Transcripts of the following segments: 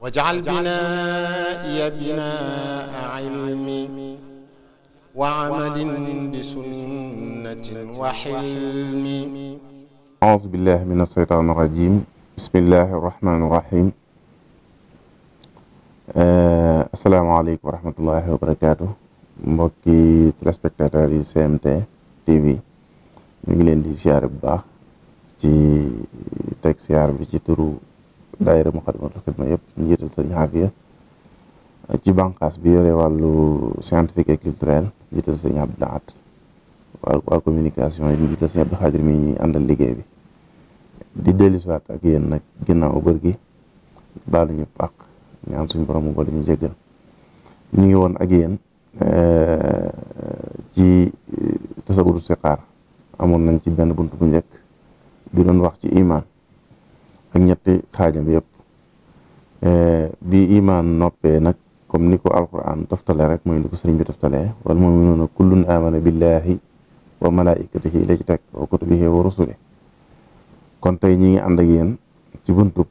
واجعل بنائي بناء علم وعمل بسنة وحلم أعوذ بالله من الشيطان الرجيم بسم الله الرحمن الرحيم السلام عليكم ورحمة الله وبركاته mbokki téléspectateurs yi GMT TV ñu ngi leen di siyaar bu baax ci teg siyaar bi ci turu daayira Muqaddamatul Xidma yëpp njiital sëriñ Xaafiya ci banqaas bi yore wàllu scientifique et culturel njiital sëriñ Abdou Lahat waa communication yi njiital sëriñ Abdou mi ñuy àndal liggéey bi di dellusiwaat ak yéen nag ginnaaw bër gi baalu ñu àq ñaan suñu borom boole ñu jéggal ñu ngi woon ak yéen eh, ci eh, tasawuru siqaar amoon nañ ci benn bunt bu njëkk bi doon wax ci imaan ak ñetti xaajam yëpp eh, bi imaan noppee nag comme ni ko alquran toftale rek mooy ni ko sëriñ bi toftalee wal muminuuna kullun amana billahi wa malaikatihi la ci wa kutubihi wa rusuli kon tey ñi ngi ànd ak yéen ci buntub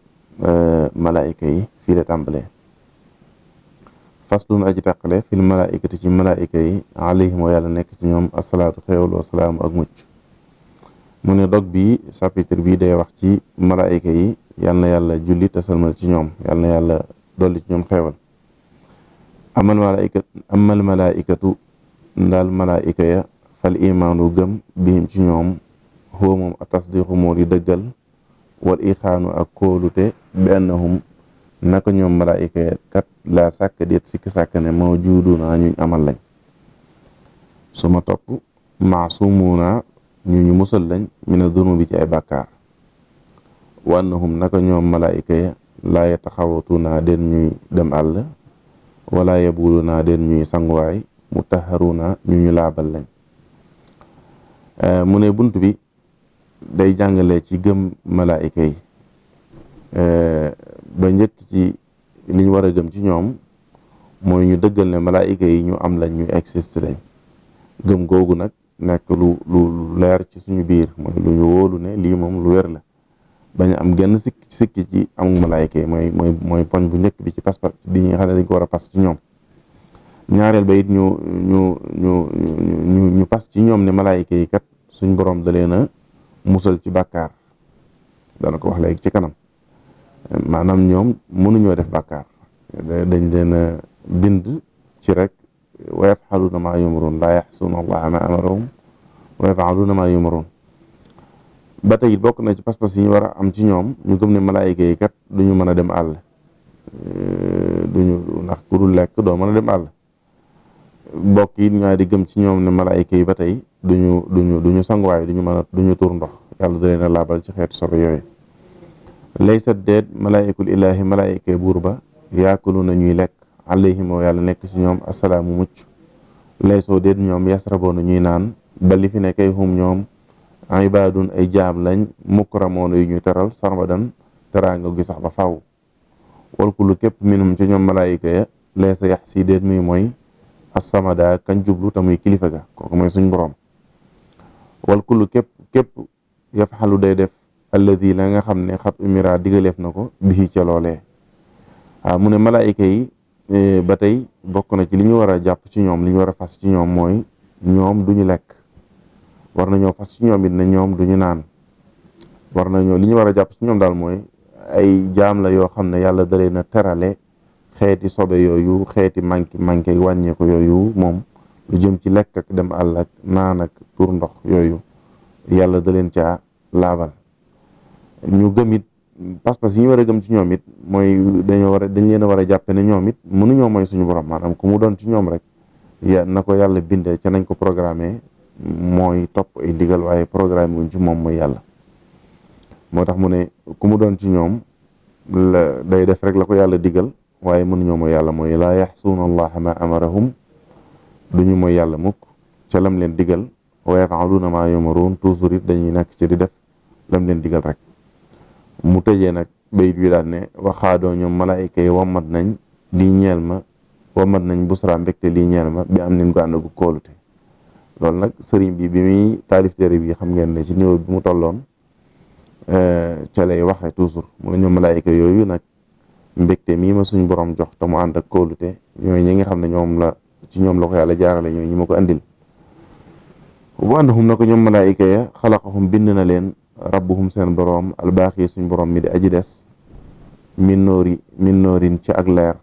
eh, malaayika yi fii la tàmbalee faslun aji tàqale fil malaayikati ci malaayika yi alayhim wa yàlla nekk ci ñoom asalaatu xeewal wa salaamu ak mucc mu ne dog bi chapitre bi day wax ci malaayika yi yal yàlla julli te salmal ci ñoom yal yàlla dolli ci ñoom xeewal amal malaayika ndaal malaayika fal imaanu gëm bihim ci ñoom xoo moom a tasdiqu moo di dëggal wal ixaanu ak kóolute bi annahum naka ñoom malaayika ya kat laa sàkk déet sikki sàkk ne moo juudu ñuñ amal lañ suma topp maasumuuna ñu ñu musal lañ mina dunubi ci ay bàkkaar wa annahum naka ñoom malaayika ya laa yataxawatuna den ñuy dem àll wala yabuluna den ñuy sanguwaay mu taxaruna ñu ñu laabal lañ eh, mu ne bunt bi day jàngale ci gëm malaayika yi eh, ba njëkk ci liñ war a gëm ci ñoom mooy ñu dëggal ne malaayika yi ñu am lañ ñu existe lañ gëm googu nag nekk lu lu leer ci suñu biir mooy lu ñu wóolu ne lii moom lu wér la bañ am genn sikk sikki ci amul malaayika yi mooy mooy mooy poñ bu njëkk bi ci pas-pas bi nga xam ne dañ ko war a pas ci ñoom ñaareel ba ñu ñu ñu ñu ñu pas ci ñoom ne malaayika yi kat suñ borom da leen a musal ci bàkkaar dana ko wax léegi ci kanam maanaam ñoom mënuñoo def bàkkaar dañ leen a bind ci rek wa yafxaluuna maa yumruun laa yaxsuuna allaha ma amarahum wa ba tey bokk na ci pas-pas yi ñu war a am ci ñoom ñu gëm ne malaayika yi kat ñu mën a dem àll euh, duñu ndax ku dul lekk doo mën a dem àll bokk yi ñaa di gëm ci ñoom ne malaayika yi ba tey duñu duñu duñu sanguwaay duñu mën a duñu tuur ndox yàlla da leen na laabal ci xeet sobe yooyu laysa deet malaayikul ilaahi malaayika buur ba yaakulu na ñuy lekk alayhimoo yàlla nekk ci ñoom asalaamu mucc soo déet ñoom yasraboo na ñuy naan ba li fi nekkay hum ñoom ibaadun ay jaam lañ mukramoon yu ñuy teral sarmadan teraanga gi sax ba faw wal kullu képp minum ci ñoom malaayika ya lee sa yax si déet muy mooy assamada kañ jublu te muy kilifa ga kooku mooy suñ boroom wal kullu képp képp yafaxalu day def alladi la nga xam ne xat umira digaleef na ko bii ca loolee waaw ah, mu ne malaayika yi eh, ba tey bokk na ci li ñu war a jàpp ci ñoom liñu ñu war a fas ci ñoom mooy ñoom duñu lekk war nañoo fas ci ñoom it ne ñoom ñu naan war nañoo li ñu war a jàpp ci ñoom daal mooy ay jaam la yoo xam ne yàlla da leen a terale xeeti sobe yooyu xeeti manqué manqué wàññeeku yooyu moom lu jëm ci lekk ak dem àll ak naan ak tur ndox yooyu yàlla da leen caa laabal ñu gëm it pas-pas yi ñu war a gëm ci ñoom it mooy dañoo war a dañ leen a war a jàppe ne ñoom it mënuñoo mooy suñu borom maanaam ku mu doon ci ñoom rek ya na ko yàlla bindee ca nañ ko programmé mooy topp ay ndigal waaye programme wuñ ci moom mooy yàlla moo tax mu ne ku mu doon ci ñoom la day def rek la ko yàlla digal waaye mënuñoo mooy yàlla mooy laa yaxsuuna allaha ma amarahum duñu mooy yàlla mukk ca lam leen digal wa yafaluuna maa yumaruun toujours it dañuy nekk ci di def lam leen digal rek mu tëjee nag bayit bi daal ne waxaadoo ñoom malaayika yi wammat nañ lii ñeel ma wammat nañ busra mbégte lii ñeel ma bi am nañ ko ànd gu kóolute loolu nag sëriñ bi bi muy taalif téere bi xam ngeen ne ci niveau bi mu tolloon euh, ca lay waxe toujours mu ne ñoom malaayika yooyu nag mbégte mii ma suñ borom jox te mu ànd ak kóolute ñooy ñi nga xam ne ñoom la ci ñoom la ko yàlla jaarale ñooy ñi ko andil na ko ñoom malaayika ya bind na leen rabbuhum seen borom albaaxi suñ borom mi di aji des min noori ci ak leer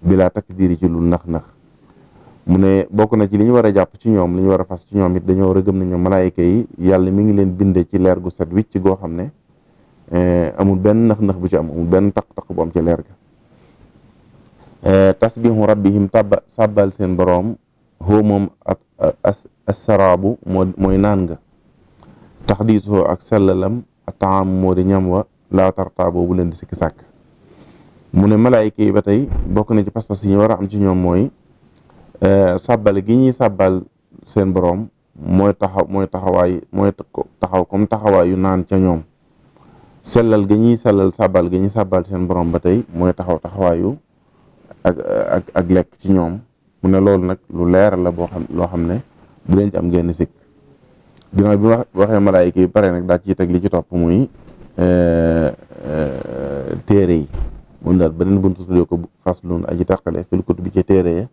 bilaa takk diiri ci lu nax-nax mu ne bokk na ci li ñu war a jàpp ci ñoom li ñu war a fas ci ñoom it dañoo war a gëm ne ñoom malaayika yi yàlla mi ngi leen binde ci leer gu set wicc goo xam ne eh, amul benn nax-nax bu ci am amul benn taq-taq bu am ci leer ga eh, tasbihu rabbihim tabba sàbbal seen boroom xoo moom ak asaraabu moo mooy naan nga taxdiisoo ak sellalam ataam moo di ñam wa laa tartaa boobu leen di sikki sàkk mu ne malaayika yi ba tey bokk na ci pas-pas yi ñu war a am ci ñoom mooy Euh, sàbbal gi ñuy sàbbal seen boroom mooy taxaw mooy taxawaay mooy taxaw comme taxawaayu naan ca ñoom sellal gi ñuy sellal sàbbal gi ñuy sàbbal seen boroom ba tey mooy taxaw taxawaayu ak ak ak lekk ci ñoom mu ne loolu nag lu leeral la boo xam loo xam ne bu leen ci am genn sikk ginnaaw bi waxee malaayika yi pare nag daal ciy teg li ci topp muy euh, euh, téere yi moom daal beneen buntu tuddee ko faslun aji tàqale fil kutubi ci téere yi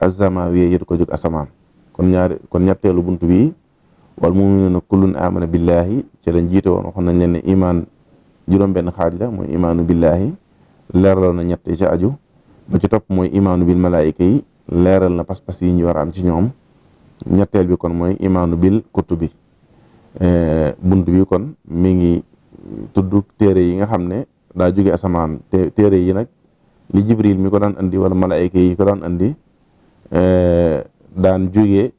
azzamaawiya yi ko jóg asamaan kon ñaari kon ñetteelu bunt bi wal muminuuna kullun amana billahi ci lañ jiite woon waxoon nañ leen ne imaan juróom-benn xaaj la mooy imaanu billahi leeralal na ñett yi ci aju ba ci topp mooy imaanu bil malaayika yi leeral na pas-pas yi ñu war a am ci ñoom ñetteel bi kon mooy imaanu bil kutubi eh, bunt bi kon mi ngi tudd téere yi nga xam ne daa jóge asamaan téere yi nag li jibril mi ko daan andi wala malaayika yi ko daan andi Eh, daan jóge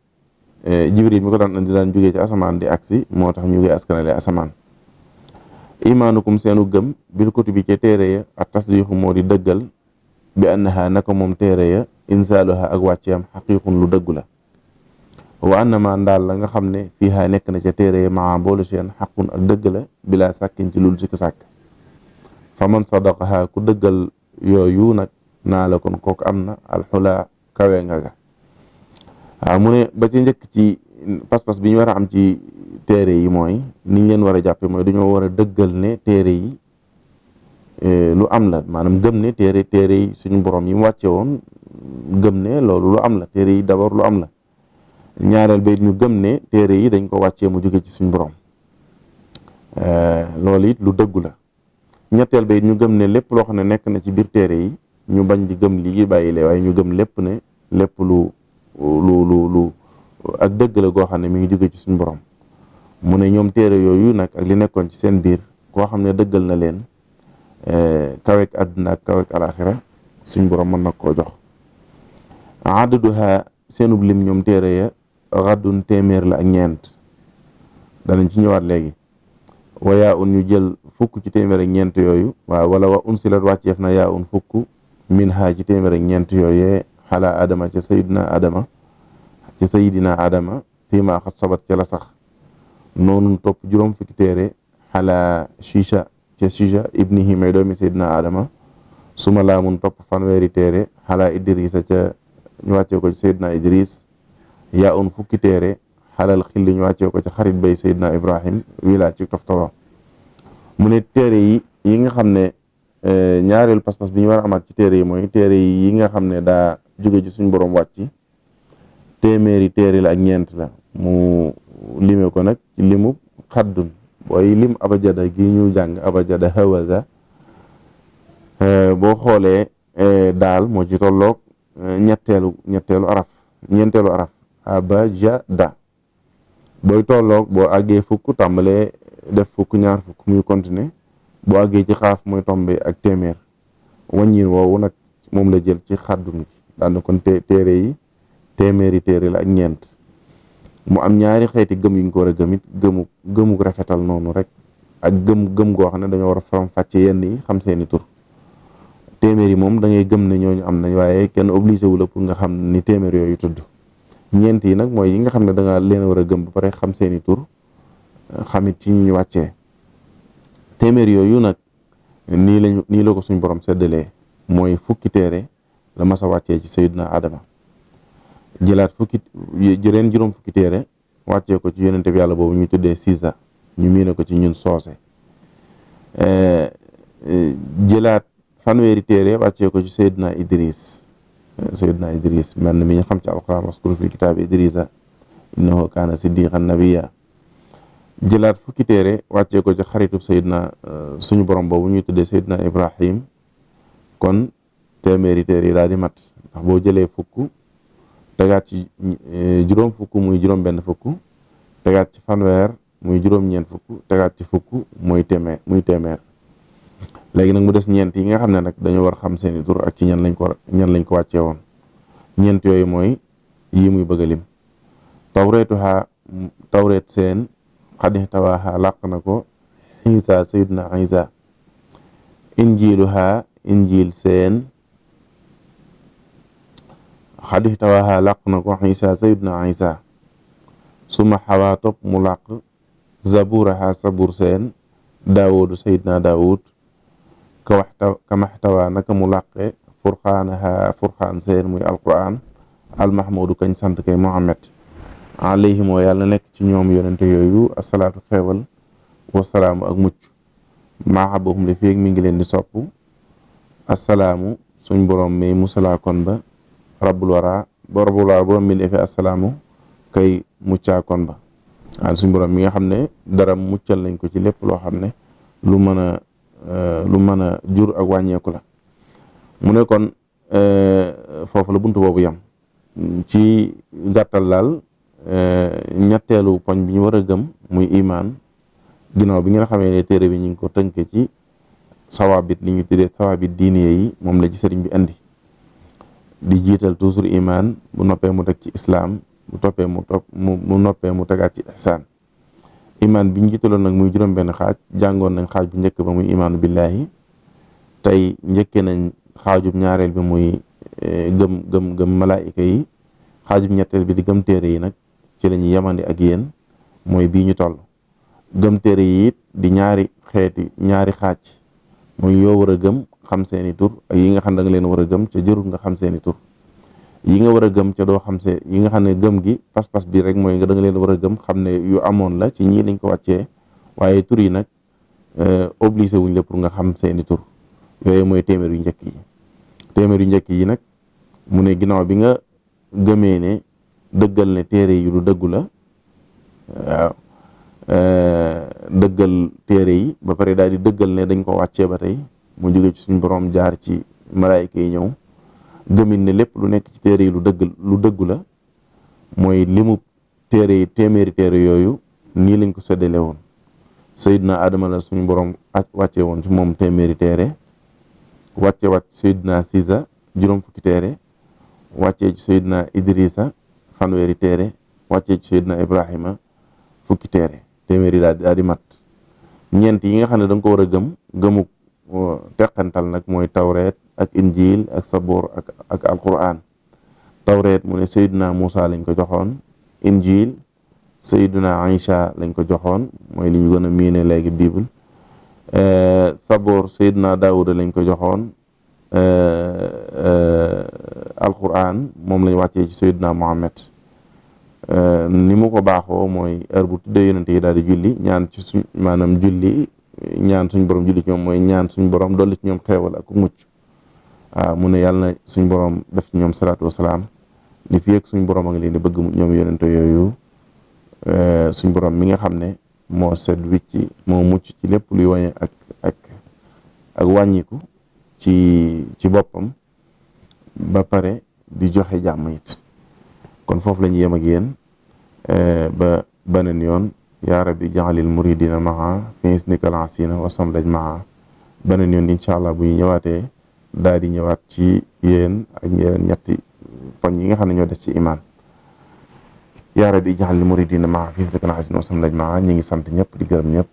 eh, jibril mi ko daan andi daan jóge ci asamaan di agsi moo tax ñu koy askanale asamaan imaanukum seenu gëm bil kutubi ca téere ya ak tasdiixu moo di dëggal bi annaha naka moom téere ya insaaluha ak wàcceyam xaqiiqun lu dëggu la wa annama ndaal la nga xam ne fiiha nekk na ca téere ya maa boolu seen xaqun ak dëgg dëggal yooyu nag naa la kon kooku am na alxulaa kawee nga ga waaw ah, mu ne ba ci njëkk ci pas-pas bi ñu war a am ci téere yi mooy niñ leen war a jàppe mooy dañoo war a dëggal ne téere yi eh, lu am la maanaam gëm ne téere téere yi suñu borom yi mu wàcce woon gëm ne loolu lu am la téere yi d'abord lu am la ñaareel ba it ñu gëm ne téere yi dañ ko wàccee mu jóge ci suñu borom eh, loolu it lu dëggu la ñetteel ba it ñu gëm ne lépp loo xam ne nekk na ci biir téere yi ñu bañ di gëm lii bàyyi lee waaye ñu gëm lépp ne lépp lu lu lu lu ak dëgg la goo xam ne mi ngi jóge ci suñu borom mu ne ñoom téere yooyu nag ak li nekkoon ci seen biir koo xam ne dëggal na leen eh, kaweek àdduna ak kaweek alaxira suñ borom man na koo jox adaduha seenub lim ñoom téere ya xaddun téeméer la ak ñeent danañ ci ñëwaat léegi wa yaa un ñu jël fukk ci téeméer ak ñeent yooyu waaw wala wa unsilat wàcceef na ya un fukk min ha ci téeméer ak ñeent yooyee xalaa adama ca sayidina adama ca sayidina adama fii ma sabat ca la sax noonu topp juróom fukki téere xalaa shisha ca shisha ibnihi may doomi sayidina adama suma laamun topp fanweeri téere xalaa idrisa ca ñu wàccee ko ci sayidina idris yaa un fukki téere xalal xilli ñu wàccee ko ci xarit bay sayidina ibrahim wii ci toftalo mu ne yi yi nga ne ñaareelu pas-pas bi ñu war a amaat ci téere yi mooy téere yi nga xam ne daa jóge ci suñu borom wàcc téeméeri téere la ñeent la mu lime ko nag ci limu xaddun booy lim abajada gi ñu jàng abajada hawaza eh, boo xoolee eh, daal moo ci tolloog eh, ñetteelu ñetteelu araf ñeenteelu araf abajada booy tolloog boo àggee fukk tàmbalee def fukk ñaar fukk muy continuer boo àggee ci xaaf mooy tombe ak téeméer wàññin woowu nag moom la jël ci xaddun gi daana kon te téere yi téeméeri téere la ak ñeent mu am ñaari xeeti gëm yuñ ko war a gëmit gëmu gëmu rafetal noonu rek ak gëm gëm goo xam ne dañoo war a faram fàcce yenn yi xam seeni tur téeméer yi moom da gëm ne ñooñu am nañ waaye kenn obligé wu la pour nga xam ni téeméer yooyu tudd ñeent yi nag mooy yi nga xam ne da nga leen war a gëm ba pare xam seeni tur xamit ci ñu wàccee téeméer yooyu nag nii lañu nii la ko suñ borom seddalee mooy fukki téere la masa wàccee ci sayyidina Adama jëlaat fukki jëreen juróom fukki téere wàccee ko ci yonente bi yàlla boobu ñu tuddee Siza ñu miine ko ci ñun soose eh, eh, jëlaat fanweeri téere wàccee ko ci sayyidina Idris eh, sayyidina Idris man mi ñu xam ci alquran waskuru fil kitaabi Idrisa innahu kaana siddiqan nabiyya jëlaat fukki téere wàccee ko ci xaritub na euh, suñu borom boobu ñuy tuddee na ibrahim kon téeméeri téere yi daal di mat ndax boo jëlee fukk tegaat ci euh, juróom fukk muy juróom benn fukk tegaat ci fanweer muy juróom-ñeent fukk tegaat ci fukk muy téeméer muy téeméer léegi nag mu des ñeent yi nga xam ne nag dañoo war xam seeni tur ak ci ñan lañ ko ñan lañ ko wàccee woon ñeent yooyu mooy yi muy bëgg a lim tawreet seen xadix tawaaxa làq na ko isa sayidna isa injiluha injil seen xadix tawaaxa làq na ko isa sayidna isa suma xawaa topp mu làq zaburaha sabur seen daawudu sayidna daawud ka waxta ka maxtawaa naka mu làqe furxaanaha furxaan seen muy alquran almahmudu kañ sant kay muhammad alayhim wa yàlla nekk ci ñoom yonente yooyu asalaatu xeewal wasalaamu ak mucc maaxabahum li fii mi ngi leen di sopp asalaamu suñ borom mi musalaa kon ba rabbul wara ba rabbul wara borom mi defee asalaamu kay muccaa kon ba waaw suñ borom mi nga xam ne dara muccal lañ ko ci lépp loo xam ne lu mën a eh, lu mën a jur ak wàññeeku la mu ne kon eh, foofu la buntu boobu yam ci gàttal laal Euh, ñetteelu poñ bi ñu war a gëm muy imaan ginnaaw bi nga xamee ne téere bi ñu ngi ko tënke ci sawaabit li ñu tuddee sawaabit diiniye yi moom la ci sëriñ bi indi di jiital toujours imaan bu noppee mu teg ci islaam bu toppee mu noppee mu tegaat ci ihsaan imaan bi ñu jiitaloon nag muy juróom-benn xaaj jàngoon nañ xaaj bu njëkk ba muy imaanu billaahi tey njëkkee nañ xaajub ñaareel bi muy euh, gëm gëm gëm malaayika yi xaajub ñetteel bi di gëm téere yi nag ci la ñuy yemandi ak yéen mooy bii ñu toll gëm téere yi di ñaari xeeti ñaari xaaj mooy yoo war a gëm xam seeni tur ak yi nga xam da nga leen war a gëm ca jërul nga seeni tur yi nga war a gëm ca doo xam see yi nga xam ne gëm gi pas-pas bi rek mooy nga danga leen war a gëm xam ne yu amoon la ci ñii lañ ko wàccee waaye tur yi nag euh, obligé wuñ la pour nga xam seeni tur yooyu mooy téeméer yu njëkk yi téeméer yu njëkk yi nag mu ne ginnaaw bi nga gëmee ne dëggal ne téere yi du dëggu la waaw euh, dëggal téere yi ba pare daal di dëggal ne dañ ko wàccee ba tey mu jóge ci suñ borom jaar ci malaayika yi ñëw gëmin ne lépp lu nekk ci téere yi lu dëgg lu dëggu la mooy limu téere yi téeméeri téere yooyu nii lañ ko séddale woon Seydina Adama la suñu borom wàcce woon ci moom téeméeri téere wàcce wàcc Seydina Siisa juróom fukki téere wàccee ci Seydina Idrissa fanweeri téere wàccee ci Seydina Ibrahima fukki téere téeméeri daal mat ñeent yi nga xam ne da ko war a gëm gëmu teqantal nag mooy tawreet ak injil ak saboor ak ak alquran tawreet mu ne Seydina Moussa lañ ko joxoon injil Seydina Aïcha lañ ko joxoon mooy li ñu gën a miine léegi bible eh, saboor Seydina Daawuda lañ ko joxoon Euh, euh, alquran moom lañ wàccee ci sayyidina Muhammad euh, ni mu ko baaxoo mooy heure bu tuddee yonente yi daal di julli ñaan ci suñ maanaam julli ñaan suñ borom julli ci ñoom mooy ñaan suñ borom dolli ci ñoom xeewal ak mucc waaw ah, mu ne yàlla na suñ borom def ci ñoom salaatu wasalaam li fi yegg suñ borom a ngi leen di bëgg ñoom yonente yooyu suñ borom mi nga xam ne moo set wicci moo mucc ci lépp luy wañe ak ak ak wàññiku ci ci boppam ba pare di joxe jàmm yit kon foofu la ñu yem ak yéen eh, ba beneen yoon yaa rabbi jaxalil muridina maa fi isnikal asina wasamlaj maa beneen yoon incha allah bu ñu ñëwaatee daal di ñëwaat ci yéen ak yeneen ñetti poñ yi nga xam ne ñoo des ci imaan yaa rabbi jaxalil muridina maa fi isnikal asina wasamlaj maa ñi ngi sant ñëpp di gërëm ñëpp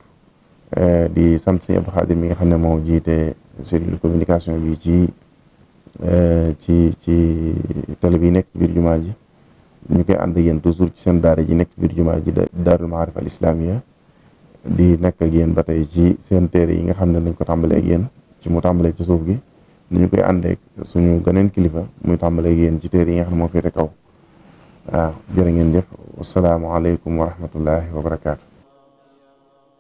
eh, di sant Sëñ Abdou Xaadir mi nga xam ne moo jiite cellule communication bi ci euh, ci ci télé bi nekk ci biir jumaa ji ñu koy ànd ak yéen toujours ci seen daar ji nekk ci biir jumaa ji daarul maarif al islamiya di nekk ak yéen ba tey ci seen téere yi nga xam ne dañ ko tàmbalee ak ci mu ci suuf gi ni ñu koy àndeek suñu gëneen kilifa muy tàmbalee ak yéen ci téere yi nga xam ne moo féete kaw waaw jërë ngeen jëf wasalaamaaleykum wa rahmatullahi wa barakaatu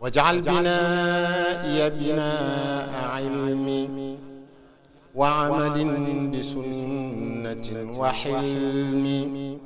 واجعل بنائي بناء علم وعمل بسنة وحلم